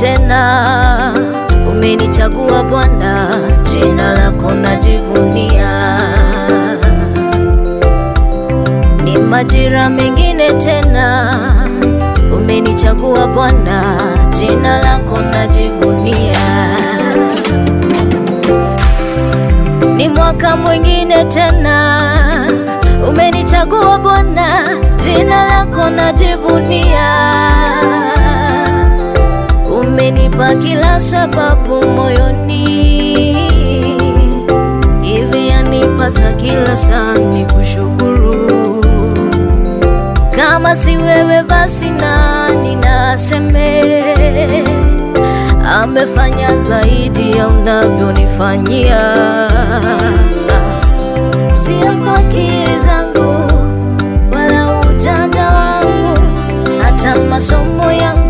tena, umenichagua Bwana, jina lako najivunia. Ni majira mengine tena, umenichagua Bwana, jina lako najivunia. Ni mwaka mwingine tena, umenichagua Bwana, jina lako najivunia. Nimekupa kila sababu moyoni, hivi yanipasa kila saa kushukuru Kama si wewe, basi nani? Naseme amefanya zaidi ya unavyonifanyia. Sio kwa akili zangu wala ujanja wangu, hata masomo yangu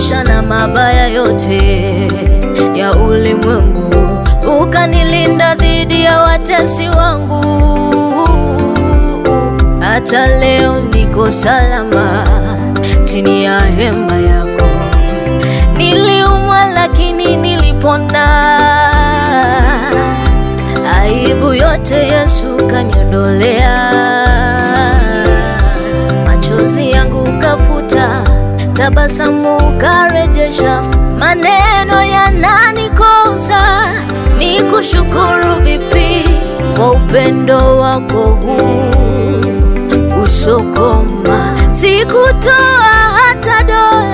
kuniepusha na mabaya yote ya ulimwengu, ukanilinda dhidi ya watesi wangu. Hata leo niko salama chini ya hema yako. Niliumwa lakini nilipona, aibu yote Yesu kaniondolea. tabasamu karejesha maneno ya nani kosa ni kushukuru vipi kwa upendo wako huu usokoma, sikutoa hata dola